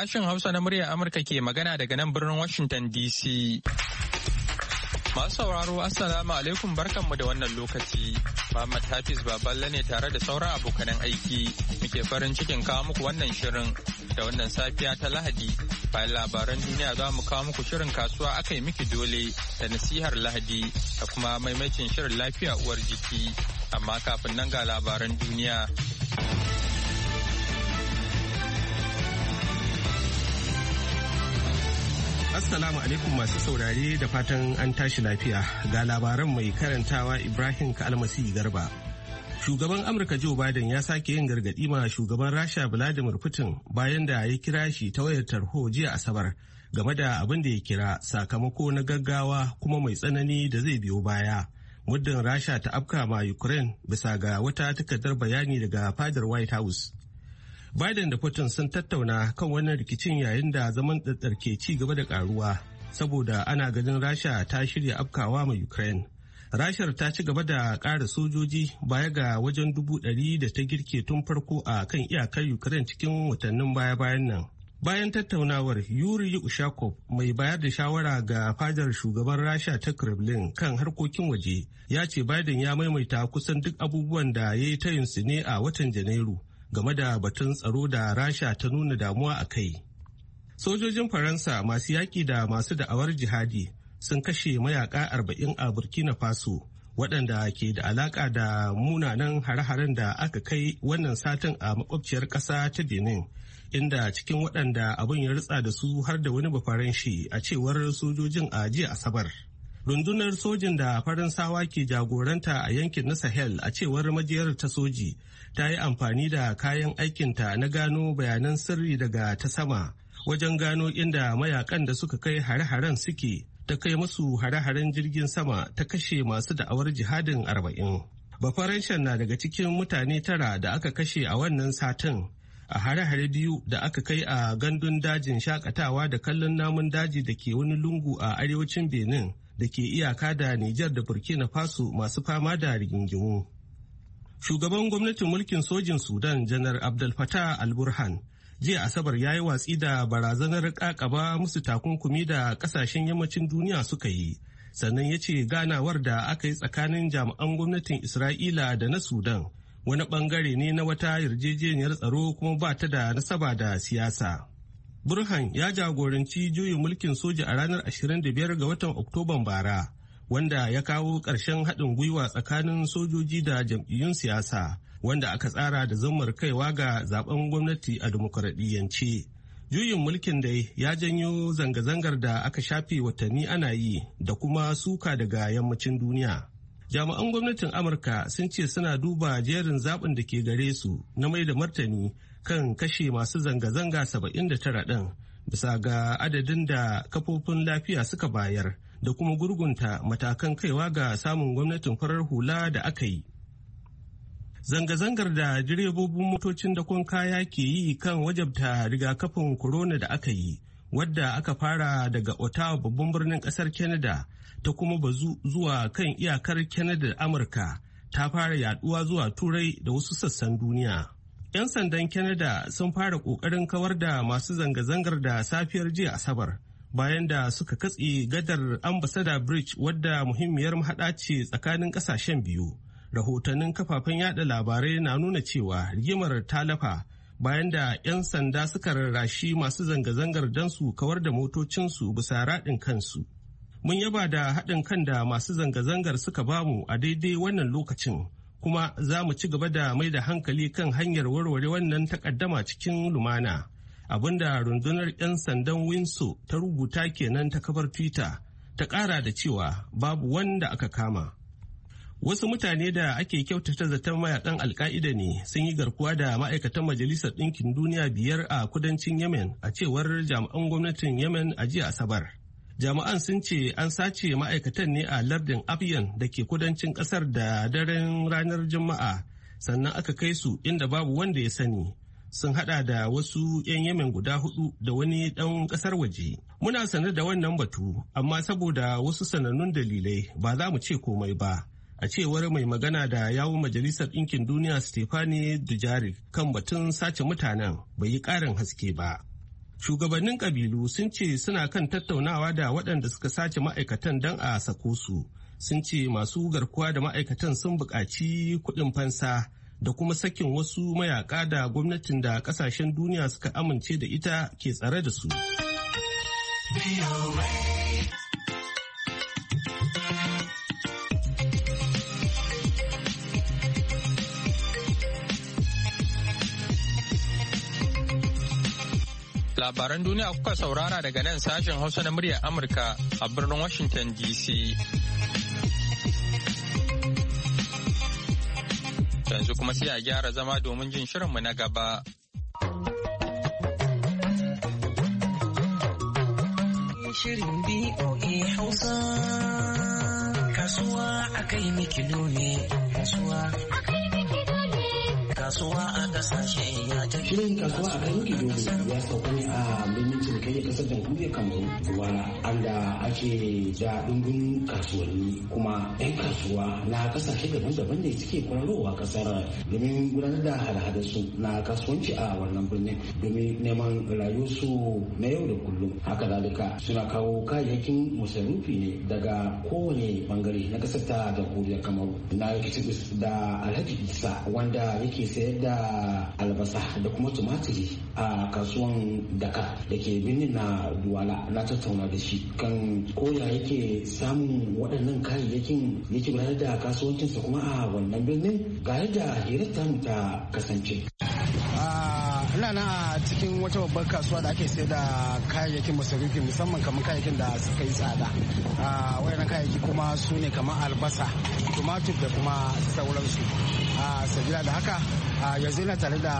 Sashen Hausa na muryar Amurka ke magana daga nan birnin Washington DC. Masu sauraro Assalamu alaikum barkanmu da wannan lokaci. Muhammad Hafiz Baballe ne tare da sauran abokanan aiki muke farin cikin kawo muku wannan shirin da wannan safiya ta Lahadi. Bayan labaran duniya za mu kawo muku shirin kasuwa aka yi miki dole da nasihar Lahadi da kuma maimacin shirin lafiya uwar jiki. Amma kafin nan ga labaran duniya. Assalamu alaikum masu saurare da fatan an tashi lafiya ga labaran mai karantawa Ibrahim Kalmasi Garba. Shugaban Amurka Joe Biden ya sake yin gargaɗi ma shugaban Rasha Vladimir Putin bayan da ya kira shi ta wayar tarho jiya Asabar game da abin da ya kira sakamako na gaggawa kuma mai tsanani da zai biyo baya. muddin rasha ta afka ma ukraine bisa ga wata takardar bayani daga fadar white house Biden da Putin sun tattauna kan wannan rikicin yayin da zaman tsatsar ke ci gaba da karuwa saboda ana ganin Rasha ta shirya afkawa mai Ukraine. Rashar ta ci gaba da ƙara sojoji baya ga wajen dubu ɗari da ta girke tun farko a kan iyakar Ukraine cikin watannin baya-bayan nan. Bayan tattaunawar Yuri Ushakov mai bayar da shawara ga fadar shugaban Rasha ta Kremlin kan harkokin waje ya ce Biden ya maimaita kusan duk abubuwan da ya yi tayinsu ne a watan Janairu. game da batun tsaro da rasha ta nuna damuwa a kai sojojin faransa masu yaƙi da masu da'awar jihadi sun kashe mayaka arba'in a burkina faso waɗanda ke da alaƙa da munanan hare-haren da aka kai wannan satin a makwabciyar ƙasa ta benin inda cikin waɗanda abin ya rutsa da su har da wani bafaran a cewar sojojin a jiya asabar. rundunar sojin da faransawa ke jagoranta a yankin na sahel a cewar majiyar ta soji ta yi amfani da kayan aikinta na gano bayanan sirri daga ta sama wajen gano inda mayakan da suka kai hare-haren suke ta kai masu hare-haren jirgin sama ta kashe masu da'awar jihadin arba'in bafaranshan na daga cikin mutane tara da aka kashe a wannan satin a hare-hare biyu da aka kai a gandun dajin shakatawa da kallon namun daji da ke wani lungu a arewacin benin da ke iyaka da Nijar da Burkina Faso masu fama da rigingimu. Shugaban gwamnatin mulkin sojin Sudan janar Abdel Fattah al-Burhan jiya Asabar ya yi watsi da barazanar kakaba musu takunkumi da kasashen yammacin duniya suka yi. Sannan ya ce ganawar da aka yi tsakanin jami'an gwamnatin Isra'ila da na Sudan wani bangare ne na wata yarjejeniyar tsaro kuma ba ta da nasaba da siyasa. burhan ya jagoranci juyin mulkin soja a ranar 25 ga watan oktoban bara wanda ya kawo ƙarshen haɗin gwiwa tsakanin sojoji da jam'iyyun siyasa wanda aka tsara da zammar kaiwa ga zaben gwamnati a dimokuraɗiyyance. Juyin mulkin dai ya janyo zanga-zangar da aka shafe watanni ana yi da kuma suka daga yammacin duniya. Jami'an gwamnatin Amurka sun ce suna duba jerin zaɓin da ke gare su na mai da martani kan kashe masu zanga-zanga 79 ɗin bisa ga adadin da kafofin lafiya suka bayar da kuma gurgunta matakan kaiwa ga samun gwamnatin farar hula da aka yi. Zanga-zangar da direbobin motocin da kaya ke yi kan wajabta rigakafin corona da aka yi, wadda aka fara daga Ottawa babban birnin ƙasar Canada ta kuma bazu zuwa kan iyakar Canada da Amurka ta fara yaduwa zuwa Turai da wasu sassan duniya. 'Yan sandan Canada sun fara ƙoƙarin kawar da masu zanga-zangar da safiyar jiya Asabar bayan da suka katse gadar ambasada Bridge wadda muhimmiyar mahaɗa ce tsakanin ƙasashen biyu. Rahotannin kafafen yada labarai na nuna cewa rigimar talafa bayan da 'yan sanda suka rarrashi masu zanga-zangar don su kawar da motocinsu bisa raɗin kansu. Mun yaba da haɗin kan da masu zanga-zangar suka bamu a daidai wannan lokacin. kuma za mu ci gaba da mai da hankali kan hanyar warware wannan takaddama cikin lumana abinda rundunar 'yan sandan winso ta rubuta kenan ta kafar twitter ta kara da cewa babu wanda aka kama wasu mutane da ake kyautata zaton mayakan alka'ida ne sun yi garkuwa da ma'aikatan majalisar ɗinkin duniya biyar a kudancin yemen a cewar jami'an gwamnatin yemen a jiya asabar jami'an sun ce an sace ma'aikatan ne a lardin abiyan da ke kudancin kasar da daren ranar juma'a sannan aka kai su inda babu wanda ya sani sun hada da wasu 'yan yamen guda hudu da wani dan kasar waje muna sanar da wannan batu amma saboda wasu sanannun dalilai ba za mu ce komai ba a cewar mai magana da yawun majalisar ɗinkin duniya stefani dujari kan batun sace mutanen bai yi ƙarin haske ba Shugabannin kabilu sun ce suna kan tattaunawa da waɗanda suka sace ma'aikatan don a sako su. Sun ce masu garkuwa da ma'aikatan sun buƙaci kuɗin fansa da kuma sakin wasu mayaƙa da gwamnatin da ƙasashen duniya suka amince da ita ke tsare da su. Labaran duniya kuka saurara daga nan sashen Hausa na muryar Amurka a birnin Washington DC. Yanzu kuma sai a gyara zama domin jin shirinmu na gaba. Shirin BOA Hausa Kasuwa akai mikilo ne Kasuwa kasuwa a kasashe ya ta Shirin kasuwa a kan yanki dole ya sauka ne a birnin cinikayya kasar jamhuriyar Kamaru wani anda ake da dungun kasuwanni kuma 'yan kasuwa na kasashe daban-daban ne suke kwararowa kasar domin gudanar da hada su na kasuwanci a wannan birnin domin neman rayuwarsu na yau da kullum haka zalika suna kawo kayayyakin musarrufi ne daga kowane bangare na kasar ta jamhuriyar Kamaru na rikici da Alhaji Isa wanda yake sai sayar da albasa da kuma tumatiri a kasuwan daka da ke birnin na duwala na tattauna da shi kan koya yake samun waɗannan kayayyakin yake bayar da kasuwancinsa kuma a wannan birnin ga yadda hirar ta kasance. ina nan a cikin wata babbar kasuwa da ake sayar da kayayyakin masarufi musamman kamar kayayyakin da suka yi tsada wayannan kayayyaki kuma su ne kamar albasa tumatur da kuma sauransu sabila da haka yanzu yana tare da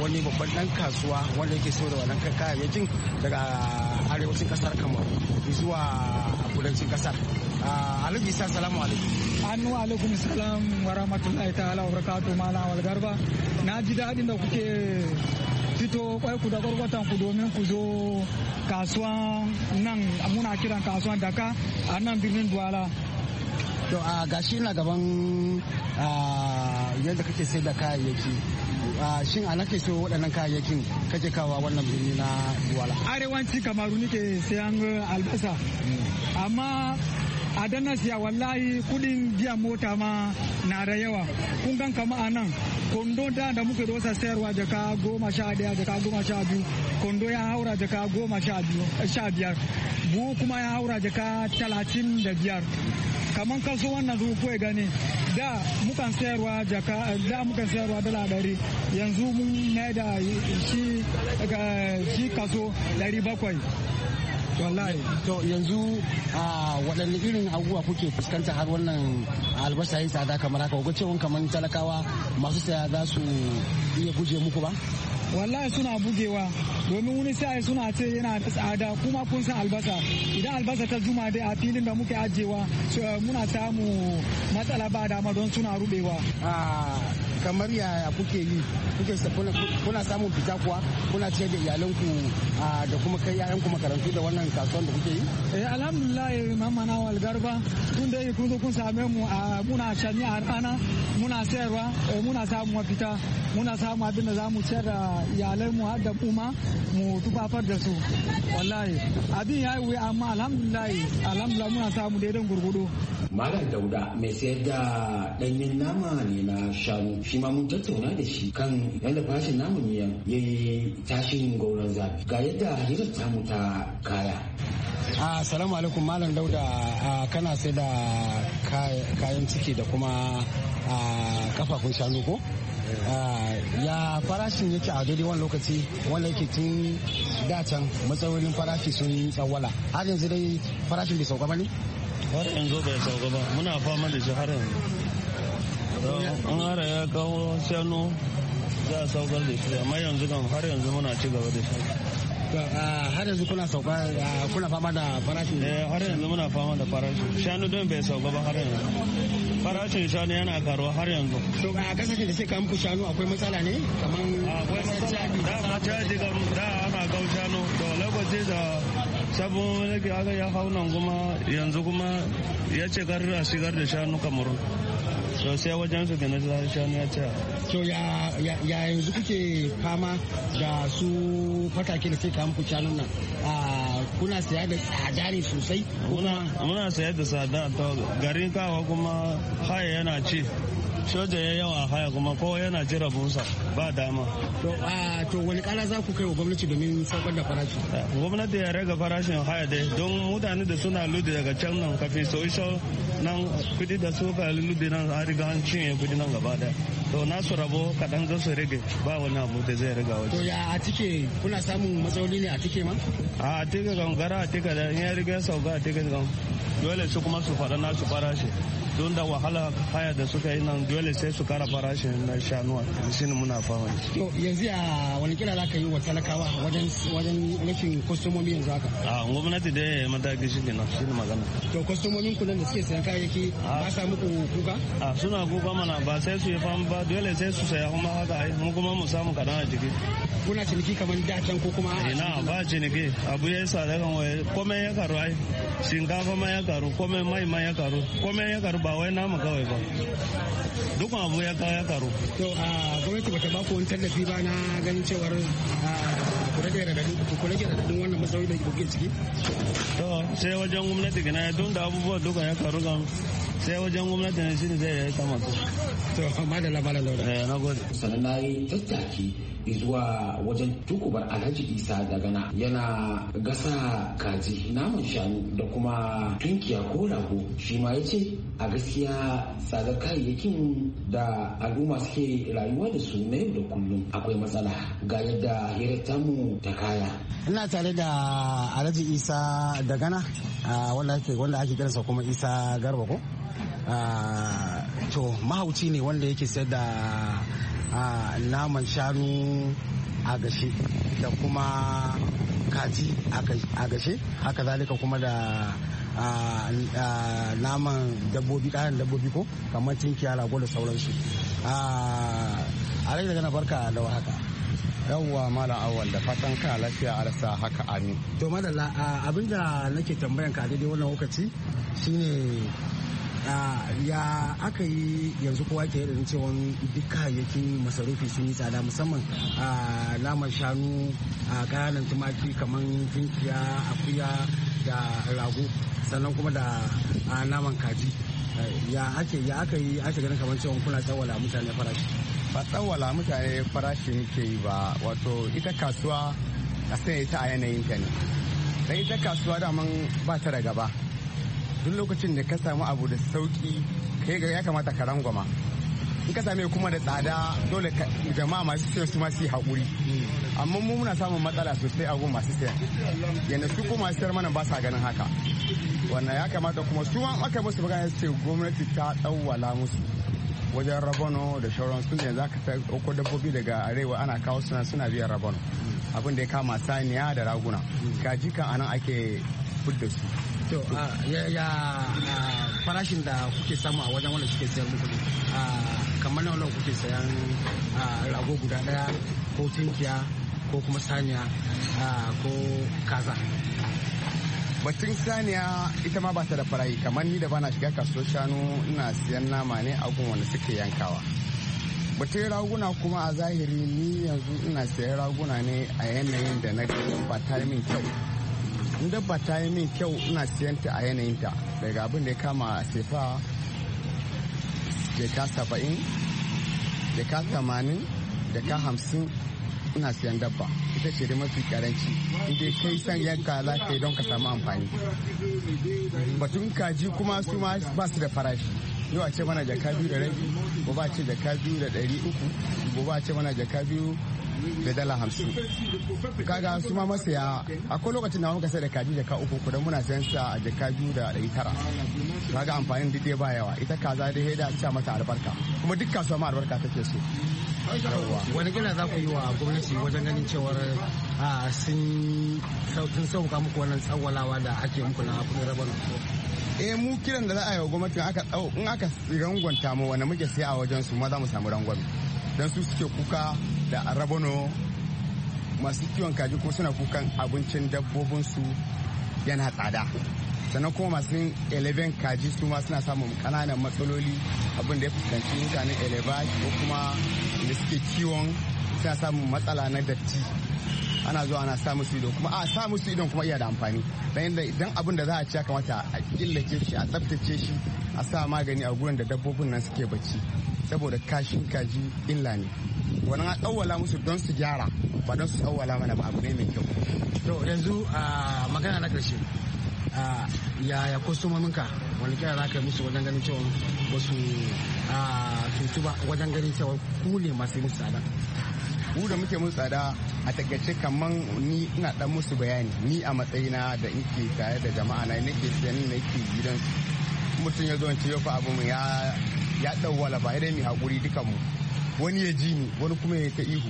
wani babban dan kasuwa wanda yake so da wannan kayayyakin daga arewacin kasar kamar zuwa kudancin kasar alhaji isa salamu alaikum Annu alaikum salam wa rahmatullahi ta'ala wa barakatu malam Algarba. Na ji daɗin da kuke fito kwai ku da gwargwatan ku domin ku zo kasuwan nan muna kiran kasuwan daka a nan birnin Duwala. To a gashi na gaban yadda kake sai da kayayyaki. shin a nake so waɗannan kayayyakin kake kawa wannan birni na duwala arewanci kamaru nike sayan albasa mm. amma a ya siya wallahi kudin biya mota ma na da yawa kun gan kama a nan kondo da da muke dosa sayarwa jaka goma sha daya jaka goma sha biyu kondo ya haura jaka goma sha biyar buhu kuma ya haura jaka talatin da biyar kamar kaso wannan zuwa kuwa gani da mukan sayarwa jaka da mukan sayarwa dala dari yanzu mun mai da eh, shi kaso dari bakwai wallahi to yanzu a waɗanne irin abubuwa kuke fuskanta har wannan albasa yin tsada kamar haka ga cewa kamar talakawa masu saya za su iya guje muku ba wallahi suna bugewa domin wani sai suna ce yana da tsada kuma kun san albasa idan albasa ta juma dai a filin da muke ajewa muna samu matsala ba dama don suna rubewa kamar yaya kuke yi kuke kuna samun fita kuwa kuna ciyar da iyalanku da kuma kai kuma makarantu da wannan kasuwan da kuke yi eh alhamdulillah mamana wal garba tun da kun zo kun same mu muna shani a rana muna sayarwa eh, muna samun mafita muna samu abin da za mu ciyar da iyalai mu har da kuma mu tufafar da su wallahi abin ya yi amma alhamdulillah alhamdulillah muna samu daidan gurgudu malam dauda mai sayar da danyen nama ne na shanu shi ma mun tattauna da shi kan yadda farashin namu ya yi tashin gauran zabi ga yadda hirar ta ta kaya ah, assalamu alaikum malam dauda ah, kana sai da kayan ciki da kuma ah, kafafun shanu ko ya farashin yake a daidai wani lokaci wanda yake tun dacan matsayoyin farashi sun tsawala har yanzu dai farashin bai sauka ba ne har yanzu bai sauka ba muna fama da shi har yanzu an ara ya kawo shanu za a saukar da shi amma yanzu kan har yanzu muna ci gaba da shi har yanzu kuna sauka kuna fama da farashin eh har yanzu muna fama da farashin shanu don bai sauka ba har yanzu farashin shanu yana karuwa har yanzu to a kasashen da suka muku shanu akwai matsala ne kamar akwai matsala da ma caji da ana kawo shanu to lokaci da sabon mulki aka ya hau nan kuma yanzu kuma ya ce kar a shigar da shanu kamaru to sai wajen su gane shanu ya ce to ya yanzu kuke fama da su fatake da sai ka muku shanun nan kuna saya da tsada ne sosai muna saya da tsada garin kawa kuma haya yana ci soja ya yawa haya kuma kowa yana jira busa ba dama to wani kara za ku kai wa gwamnati domin saukar da farashi eh, gwamnati ya rage farashin haya dai don mutane da suna ludi daga can nan kafin soisho nan kudi da suka ludi nan a riga an cinye kudi nan gaba daya to na su rabo kaɗan za su rage ba wani abu da zai riga wajen. to ya a tike kuna samun matsaloli ne a tike ma? a tike kan gara a tike da in ya riga sauka a tike kan dole su kuma su faɗa na su farashi don da wahala haya da suka yi nan dole sai su kara farashin na shanuwa shi ne muna fama to yanzu a wani kira za ka yi wa talakawa wajen wajen rashin kwastomomi yanzu haka a gwamnati da ya mataki shi kenan shi ne magana to kwastomomin ku nan da suke sayan kayayyaki ba sa muku kuka a suna kuka mana ba sai su yi fama ba dole sai su saya kuma haka ai mu kuma mu samu kaɗan a jiki kuna ciniki kamar da can ko kuma ina eh, ba ciniki abu ya sa da kan waye komai ya karu ai shinkafa ma ya karu komai mai ma ya karu komai ya karu ba wai namu kawai ba duk abu ya kawo ya karu to a gwamnati ba ta ba ku wani tallafi ba na ganin cewar ku rage radadin wannan matsaloli da ke ciki to sai wajen gwamnati gina ya don da abubuwa duka ya karu ga sai wajen gwamnati ne ne zai yi kama ko? to madalla da eh na gode sanan na yi tattaki zuwa wajen tukubar alhaji isa da gana yana gasa kaji naman shanu da kuma tunkiya ko rago shi ma ya ce a gaskiya tsadar kayayyakin da al'umma suke rayuwa da su na yau da kullum akwai matsala ga yadda hirar tamu ta kaya ina tare da alhaji isa da gana ah, wanda ake kiransa kuma isa garba ko Ah, to mahauci ne wanda yake sayar da ah, naman shanu a gashe da kuma kaji a gashe haka zalika kuma da ah, naman dabbobi kayan dabbobi ko kamar tinkiya rago da sauransu a rai daga na barka da haka yawwa mala awal da fatan ka lafiya arsa haka amin to madalla abinda nake tambayan ka daidai wannan lokaci shine ya aka yi yanzu kowa ke da cewa duk kayayyakin masarufi sun yi tsada musamman a lamar shanu a ƙananan tumaki kamar tunkiya akuya da rago sannan kuma da naman kaji ya ake ya aka yi ake ganin kamar cewa kuna tsawala mutane farashi ba tsawala mutane farashi nake yi ba wato ita kasuwa a sai ta a yanayin ta ne ita kasuwa daman ba ta da gaba duk lokacin da ka samu abu da sauki kai ga ya kamata ka rangwama in ka same kuma da tsada dole jama'a masu sayar su masu haƙuri amma mu muna samun matsala sosai a gun masu sayar yadda su kuma masu sayar mana ba sa ganin haka wannan ya kamata kuma su ma aka musu magana ce gwamnati ta tsawwala musu wajen rabano da shauran su ne za ka ɗauko dabbobi daga arewa ana kawo suna suna biyan rabano abin da ya kama saniya da raguna kaji kan anan ake fudda su to ya farashin da kuke samu a wajen wanda suke sayar muku ne kamar wani kuke sayan rago guda daya ko tinkiya ko kuma saniya ko kaza batun saniya ita ma ba ta da farayi kamar ni da bana shiga kasuwar shanu ina siyan nama ne a gun wanda suke yankawa batun raguna kuma a zahiri ni yanzu ina siyan raguna ne a yanayin da na ba ta min kyau in dabba ta yi min kyau ina siyan ta a yanayinta daga abin da ya kama sefa jeka saba'in jeka tamanin jeka hamsin ina siyan dabba ita ce da mafi karanci inda kai san yanka za ka yi don ka samu amfani batun kaji kuma su ma ba su da farashi yau a ce mana jaka biyu da rabi ba ba ce jaka biyu da ɗari uku ba ba ce mana jaka biyu da dala hamsin kaga su ma masaya akwai lokacin da muka sai da kaji jaka uku kudan muna sayan sa a jaka biyu da ɗari tara kaga amfanin duk ba yawa ita kaza da heda cewa mata albarka kuma duk kasuwa ma albarka take so wani gina za ku yi wa gwamnati wajen ganin cewar sun sauka muku wannan tsawalawa da ake muku na kudin rabon eh mu kiran da za a yi wa gwamnati aka in aka rangwanta mu wani muke siya a wajen su ma za mu samu rangwami don su suke kuka da rabano masu kiwon kaji ko suna kukan abincin dabbobinsu yana tsada sannan kuma masu eleven kaji su ma suna samun kananan matsaloli abin da ya fuskanci mutanen eleva ko kuma da suke kiwon suna samun matsala na datti ana zuwa ana sa musu ido kuma a sa musu idon kuma iya da amfani dan yadda idan abin da za a ci ya kamata a killace shi a tsaftace shi a sa magani a gurin da dabbobin nan suke bacci saboda kashin kaji illa ne wani an tsawwala musu don su gyara ba don su tsawwala mana ba abu ne mai kyau to yanzu magana na karshe kusa ka wani kira za ka musu wajen ganin cewa ba su tutu ba wajen ganin cewa kule masu musu tsada mu da muke musu tsada a takaice kamar ni ina dan musu bayani ni a matsayina da inke tare da jama'a na nake sayan nake gidan mutum ya zo ya ce fa abu ya ya dawwala ba idan mai hakuri dukan mu wani ya ji ni wani kuma ya ta ihu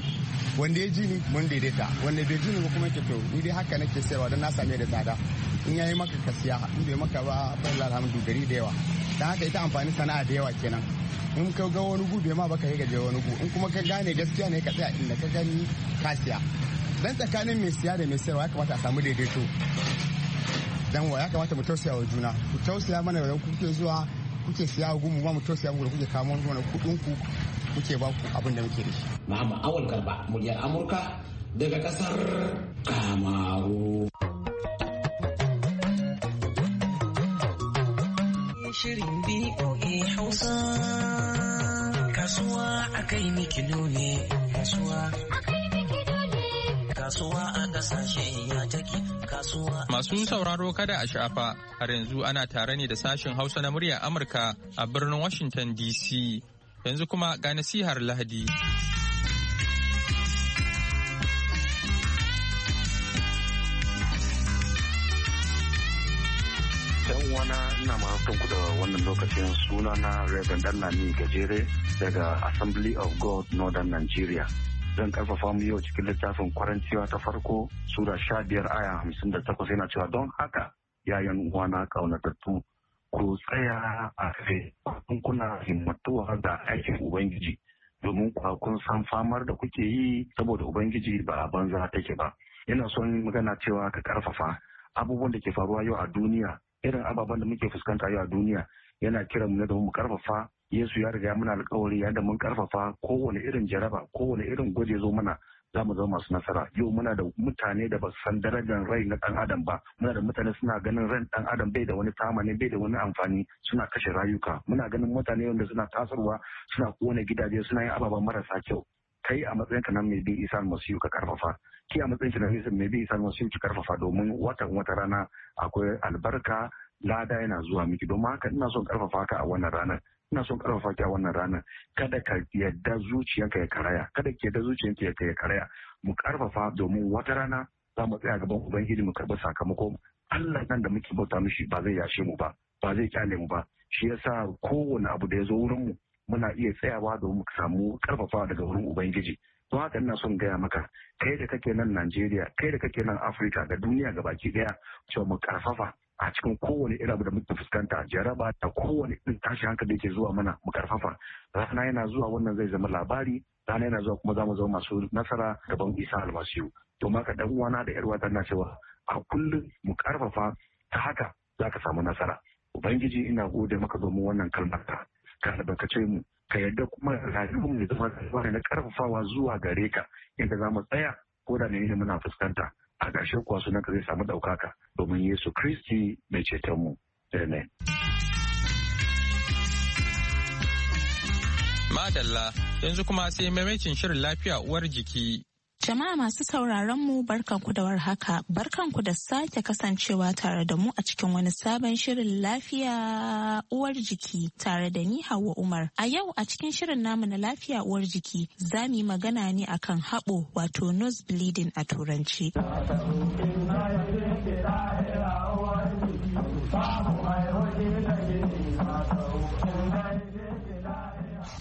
wanda ya ji ni mun daidaita wanda bai ji ni ba kuma ke to ni dai haka nake sayarwa don na same da tsada in yi maka kasiya in bai maka ba falla alhamdu gari da yawa dan haka ita amfani sana'a da yawa kenan in ka ga wani gu bai ma baka yi gaje wani gu in kuma ka gane gaskiya ne ka tsaya inda ka gani ka siya dan tsakanin mai siya da mai sayarwa ya kamata a samu daidaito dan wa ya kamata mu tausaya wa juna ku tausaya mana da kuke zuwa kuke siya gumu ba mu tausaya mu da kuke kawo mana kudin ku muke ba ku abin da muke da shi. Muhammad Awal Garba, muryar Amurka daga kasar Kamaru. Shirin BOA Hausa kasuwa a kai mikido ne kasuwa a kasuwa masu sauraro kada a shafa har yanzu ana tare ne da sashen hausa na murya amurka a birnin washington dc Yanzu kuma ga nasihar Lahadi. yan uwana ina mahaifin ku da wannan lokacin suna na Reverend Dallami Gajere daga Assembly of God Northern Nigeria. Zan karfafa mu yau cikin littafin kwaranciwa ta farko Sura sha biyar aya hamsin da takwas yana cewa don haka yayan uwana kaunatattu ku tsaya a kai kun kuna himmatuwa da aikin ubangiji domin kuwa kun san famar da kuke yi saboda ubangiji ba a banza take ba Ina son magana cewa ka karfafa abubuwan da ke faruwa yau a duniya irin ababen da muke fuskanta yau a duniya yana kiran mu da mu karfafa Yesu ya riga muna alkawari yadda mun karfafa kowane irin jaraba kowane irin gwaje zo mana za mu zama masu nasara yau muna da mutane da ba su san darajar rai na dan adam ba muna da mutane suna ganin ran dan adam bai da wani tamani bai da wani amfani suna kashe rayuka muna ganin mutane wanda suna tasarwa suna kone gidaje suna yin ababen marasa kyau kai a matsayinka nan mai bi isa masu ka karfafa ki a matsayinka na mai bi isa masu ki karfafa domin watan wata rana akwai albarka lada yana zuwa miki domin haka ina son karfafa ka a wannan ranar ina son karfafa ki a wannan ranar kada ka yadda zuciyanka ya karaya kada ki yadda zuciyanka ya karaya mu karfafa domin wata rana za mu tsaya gaban ubangiji mu karɓi sakamako Allah nan da muke bauta mishi ba zai yashe mu ba ba zai kyale mu ba shi yasa kowane abu da ya zo wurin mu muna iya tsayawa domin mu samu karfafa daga wurin ubangiji don haka ina son gaya maka kai da kake nan Najeriya kai da kake nan Afirka da duniya ga baki daya cewa mu karfafa a cikin kowane irin abu da muke fuskanta jaraba ta kowane irin tashi hankali da yake zuwa mana mu karfafa rana yana zuwa wannan zai zama labari rana yana zuwa kuma za mu zama masu nasara gaban isa almasiyu to ka dan uwana da yar uwata na cewa a kullum mu karfafa ta haka za ka samu nasara ubangiji ina gode maka domin wannan kalmar ta ka albarkace mu ka yarda kuma rayuwar mu da zama na karfafawa zuwa gare ka inda za mu tsaya ko da ne muna fuskanta a ƙarshe kuwa sunanka zai samu ɗaukaka domin Yesu Kristi mai cetonmu. Amen. Madalla yanzu kuma sai maimakin shirin lafiya uwar jiki Jama'a masu sauraron mu barkanku da warhaka, barkanku da sake kasancewa tare da mu a cikin wani sabon shirin lafiya uwar jiki tare da ni Hauwa Umar. A yau a cikin shirin namu na lafiya uwar jiki za mu magana ne akan haɓo wato nose bleeding a turanci.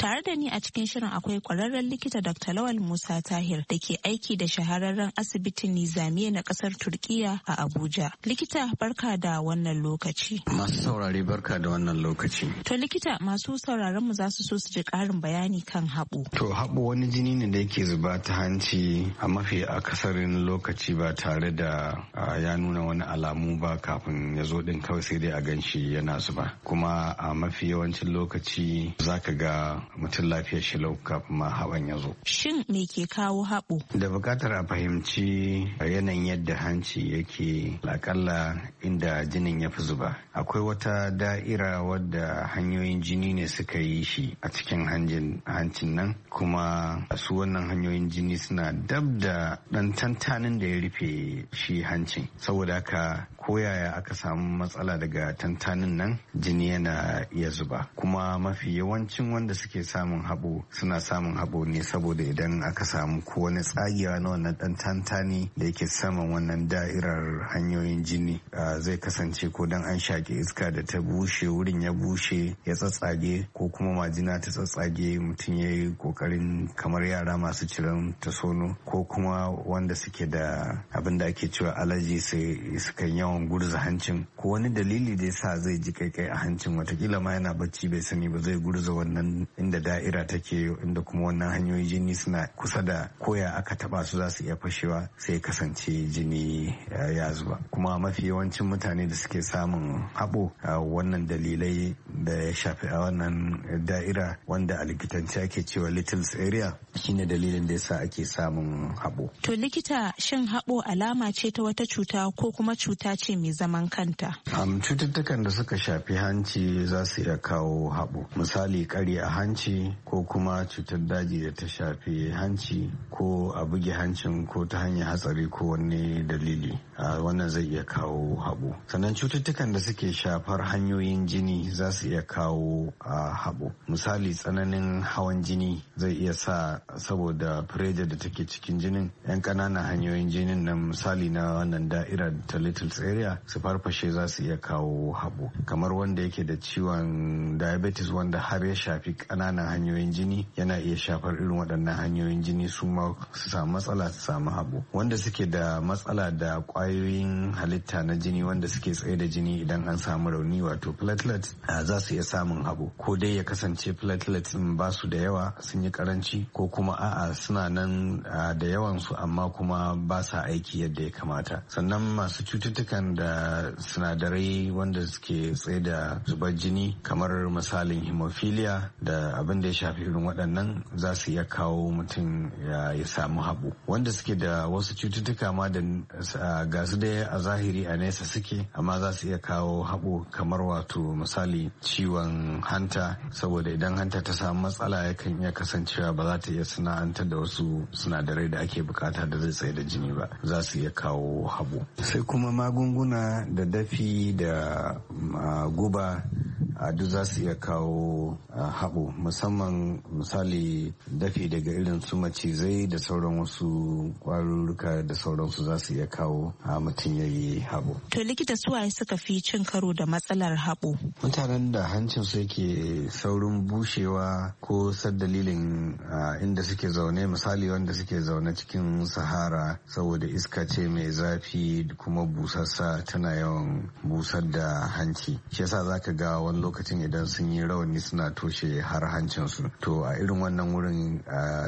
Tare da ni a cikin shirin akwai kwararren likita Dr. Lawal Musa Tahir da ke aiki da shahararren asibitin Nizamiya na kasar Turkiya a Abuja. Likita barka da wannan lokaci. Masu saurare barka da wannan lokaci. To likita masu sauraron mu za su so su ji karin bayani kan haɓu. To haɓu wani jini ne da yake zuba ta hanci a mafi akasarin lokaci ba tare da ya nuna wani alamu ba kafin ya zo din kawai sai dai a gan shi yana zuba. Kuma a mafi yawancin lokaci za ka ga mutum lafiyar shi lau ma hawan ya zo. Shin me ke kawo haɓo? Da buƙatar a fahimci yanayin yadda hanci yake lakalla inda jinin ya fi zuba. Akwai wata da'ira wadda hanyoyin jini ne suka yi shi a cikin hancin nan kuma su wannan hanyoyin jini suna dab da ɗan tantanin da ya rufe shi hancin. Saboda haka koyaya aka samu matsala daga tantanin nan jini yana iya zuba kuma mafi yawancin wanda suke samun haɓo suna samun haɓo ne saboda idan aka samu ko wani tsagewa na wannan ɗan tantani da yake saman wannan da'irar hanyoyin jini zai kasance ko dan an shaƙi iska da ta bushe wurin ya bushe ya tsatsage ko kuma majina ta tsatsage mutum ya yi ƙoƙarin kamar yara masu ciran ta sono ko kuma wanda suke da abin da ake cewa alaji kan yawan yawan gurza hancin ko wani dalili da yasa zai ji kaikai a hancin watakila ma yana bacci bai sani ba zai gurza wannan inda da'ira take inda kuma wannan hanyoyin jini suna kusa da koya aka taba su za su iya fashewa sai kasance jini eh, ya zuba kuma mafi yawancin mutane da suke samun haɓo wannan dalilai da ya shafi a wannan da'ira wanda a likitance ake cewa littles area shine dalilin da yasa ake samun haɓo. To likita shin haɓo alama ce ta wata cuta ko kuma cuta ce ce mai zaman kanta. cututtukan da suka shafi hanci za su iya kawo haɓo misali kari a hanci ko kuma cutar daji da ta shafi hanci ko a buge hancin ko ta hanyar hatsari ko wani dalili wannan zai iya kawo haɓo sannan cututtukan da suke shafar hanyoyin jini za su iya kawo a haɓo misali tsananin hawan jini zai iya sa saboda fureja da take cikin jinin 'yan ƙananan hanyoyin jinin nan misali na wannan da'irar ta little najeriya su farfashe za su iya kawo haɓu kamar wanda yake da ciwon diabetes wanda har ya shafi ƙananan hanyoyin jini yana iya shafar irin waɗannan hanyoyin jini su ma su samu matsala su samu habo wanda suke da matsala da kwayoyin halitta na jini wanda suke tsaye da jini idan an samu rauni wato platelets za su iya samun habo ko dai ya kasance platelets in ba su da yawa sun yi karanci ko kuma a'a suna nan da yawansu amma kuma ba sa aiki yadda ya kamata sannan masu cututtukan akan da sinadarai wanda suke tsaye da zubar jini kamar misalin hemophilia da abin da ya shafi irin waɗannan za su iya kawo mutum ya samu haɓu wanda suke da wasu cututtuka ma da ga su da a zahiri a nesa suke amma za su iya kawo haɓo kamar wato misali ciwon hanta saboda idan hanta ta samu matsala yakan iya kasancewa ba za ta iya sana'antar da wasu sinadarai da ake bukata da zai tsaye da jini ba za su iya kawo haɓo sai kuma magun magunguna da dafi da ah, guba duk za su iya kawo haɓo musamman misali dafi daga irin su macizai da sauran wasu ƙwarurruka da sauransu za su iya kawo a mutum ya yi haɓo. To likita suwaye suka fi cin karo da matsalar haɓo? Mutanen da hancin su yake saurin bushewa ko sad dalilin inda suke zaune misali wanda suke zaune cikin sahara saboda iska ce mai zafi kuma busassa tana yawan busar da hanci. Shi yasa za ka ga wani lokacin idan sun yi rawani suna toshe har hancinsu to a irin wannan wurin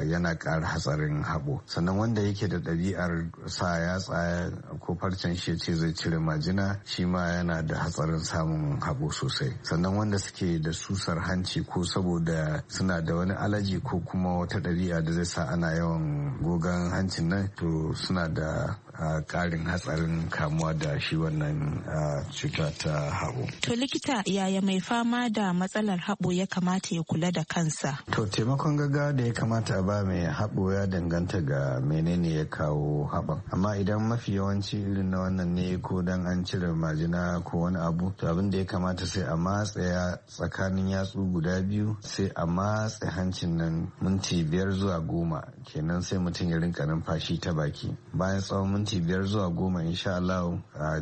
yana ƙara hatsarin haɓo sannan wanda yake da ɗabi'ar sa ya tsaya ko farcen shi ce zai cire majina shi ma yana da hatsarin samun haɓo sosai sannan wanda suke da susar hanci ko saboda suna da wani alaji ko kuma wata ɗabi'a da zai sa ana yawan gogan hancin nan to suna da karin hatsarin kamuwa da shi wannan cuta ta haɓo. To likita yaya mai fama da matsalar haɓo ya kamata ya kula da kansa? To taimakon gaggawa da ya kamata a ba mai haɓo ya danganta ga menene ya kawo haɓan. Amma idan mafi yawanci irin na wannan ne ko dan an cire majina ko wani abu to abin da ya kamata sai a ya tsakanin yatsu guda biyu sai a matse hancin nan minti biyar zuwa goma kenan sai mutum ya rinka numfashi ta baki bayan tsawon minti biyar zuwa goma insha Allah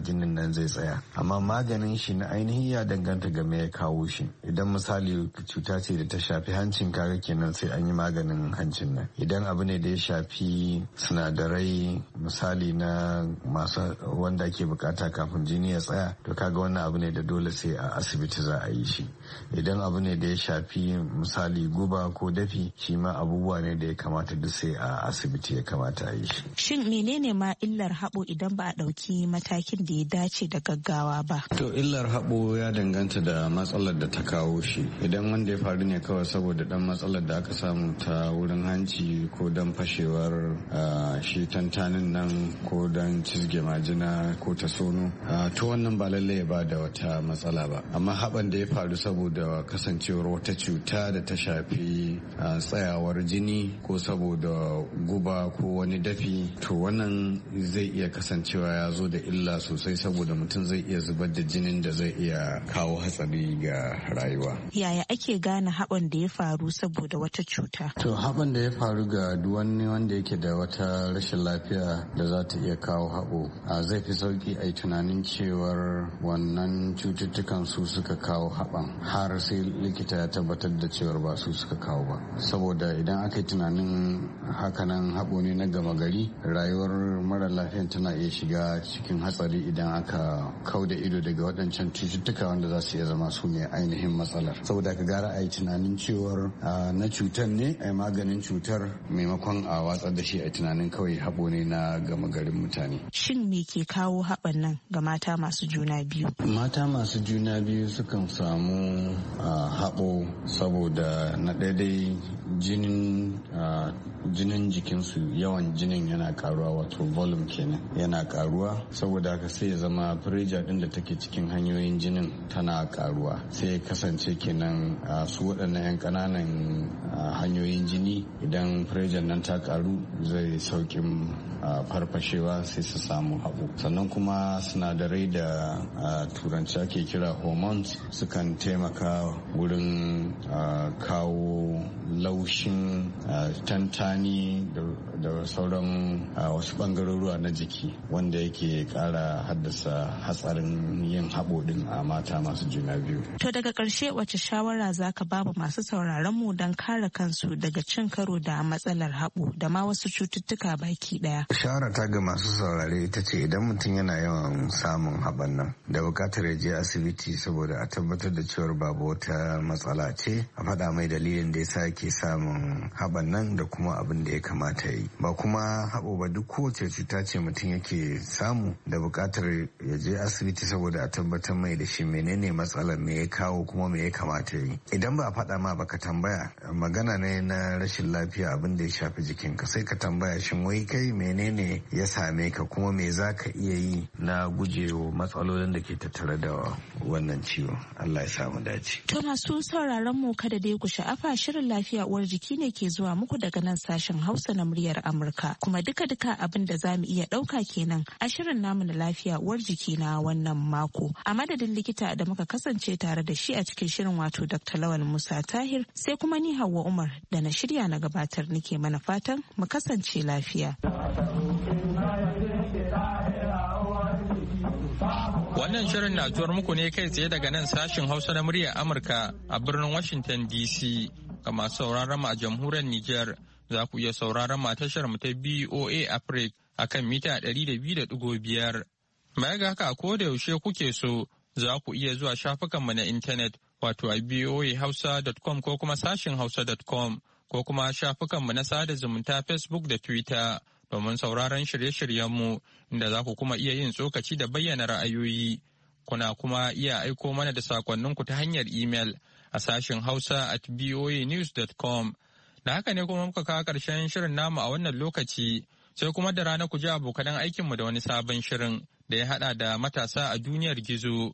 jinin nan zai tsaya amma maganin shi na ainihi ya danganta ga me ya kawo shi idan misali cuta ce da ta shafi hancin kaga kenan sai an yi maganin hancin nan idan abu ne da ya shafi sinadarai misali na masu wanda ake bukata kafin jini ya tsaya to kaga wannan abu ne da dole sai a asibiti za a yi shi idan abu ne da ya shafi misali guba ko dafi shi ma abubuwa ne da ya kamata duk sai a asibiti ya kamata a yi shi shin menene ma illar haɓo idan ba a ɗauki matakin da ya dace da gaggawa ba. To illar haɓo ya danganta da matsalar da ta kawo shi. Idan wanda ya faru ne kawai saboda ɗan matsalar da aka samu ta wurin hanci ko don fashewar shi tantanin nan ko don cizge majina ko ta sono. To wannan ba lallai ya ba da wata matsala ba. Amma haɓan da ya faru saboda kasancewar wata cuta da ta shafi tsayawar jini ko saboda guba ko wani dafi to wannan zai iya kasancewa ya zo da illa sosai saboda mutum zai iya zubar da jinin da zai iya kawo hatsari ga rayuwa. Yaya ake gane haɓan da ya faru saboda wata cuta? To haɓan da ya faru ga duwanni wanda yake da wata rashin lafiya da za ta iya kawo haɓo. A zai fi sauƙi a tunanin cewar wannan cututtukan su suka kawo haɓan har sai likita ya tabbatar da cewar ba su suka kawo ba. Saboda idan aka yi tunanin hakanan haɓo ne na gama gari rayuwar mara lafiyan tana iya shiga cikin hatsari idan aka kau da ido daga waɗancan cututtuka wanda za su iya zama su ne ainihin matsalar saboda ka gara a yi tunanin cewar na cutar ne a maganin cutar maimakon a watsar da shi a tunanin kawai haɓo ne na gama garin mutane shin me ke kawo haɓan nan ga mata masu juna biyu mata masu juna biyu sukan samu haɓo saboda na daidai jinin jinin jikinsu yawan jinin yana karuwa wato volume kenan yana karuwa saboda haka sai ya zama firija din da take cikin hanyoyin jinin tana karuwa sai ya kasance kenan su waɗannan 'yan ƙananan hanyoyin jini idan firijan nan ta karu zai saukin farfashewa sai su samu haɓu sannan kuma sinadarai da turanci ake kira hormones sukan taimaka wurin kawo laushin tantani da da sauran wasu bangarorwa na jiki wanda yake kara haddasa hatsarin yin haɓo ɗin a mata masu juna biyu. To daga ƙarshe wace shawara za ka ba masu sauraron mu don kare kansu daga cin karo da matsalar haɓo da ma wasu cututtuka baki ɗaya. Shawara ta ga masu saurare ita ce idan mutum yana yawan samun haɓan nan da buƙatar ya je asibiti saboda a tabbatar da cewar babu wata matsala ce a faɗa mai dalilin da ya sa ke samun haɓan nan da kuma abin da ya kamata ya yi. ba kuma haɓo ba duk kowace cuta ce mutum yake samu da buƙatar ya je asibiti saboda a tabbatar mai da shi menene matsalar me ya kawo kuma me ya kamata yi idan ba a faɗa ma ka tambaya magana ne na rashin lafiya abin da ya shafi jikinka sai ka tambaya shin wai kai menene ya same ka kuma me za ka iya yi na gujewa matsalolin da ke tattare da wannan ciwo Allah ya samu dace to masu sauraron mu kada dai ku sha'afa shirin lafiya uwar jiki ne ke zuwa muku daga nan sashen Hausa na muryar Amurka. Kuma duka-duka abin da za iya ɗauka kenan a shirin namu na lafiya uwar jiki na wannan mako. A madadin likita da muka kasance tare da shi a cikin shirin wato Dr. Lawal Musa Tahir sai kuma ni Hauwa Umar da na shirya na gabatar nike mana fatan mu kasance lafiya. Wannan shirin na muku ne kai tsaye daga nan sashin Hausa na muryar Amurka a birnin Washington DC ga masu sauraron mu a jamhuriyar Nijar. za ku iya sauraron tashar mu ta BOA Africa a kan mita 200.5. Baya ga haka ko da yaushe kuke so za ku iya zuwa shafukanmu na intanet wato a boahausa.com ko kuma sashin hausa.com ko kuma shafukanmu na sada zumunta Facebook da Twitter domin sauraron shirye-shiryenmu inda za ku kuma iya yin tsokaci da bayyana ra'ayoyi. Kuna kuma iya aiko mana da sakonninku ta hanyar email a sashin hausa at boanews.com Da haka ne kuma muka kawo karshen shirin namu a wannan lokaci sai kuma da rana ku ji abokanan aikinmu da wani sabon shirin da ya haɗa da matasa a duniyar gizo.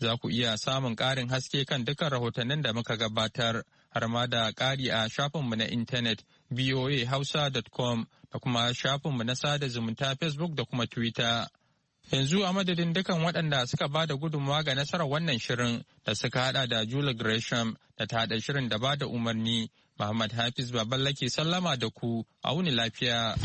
Za ku iya samun ƙarin haske kan dukkan rahotannin da muka gabatar har ma da ƙari a shafinmu na intanet voahausa.com da kuma shafinmu na sada zumunta Facebook da kuma Twitter. Yanzu a madadin dukan waɗanda suka ba da gudunmawa ga nasarar wannan shirin da suka haɗa da Julie Gresham da ta haɗa shirin da ba da umarni Muhammad Hafiz Baballa ke sallama da ku a wuni lafiya.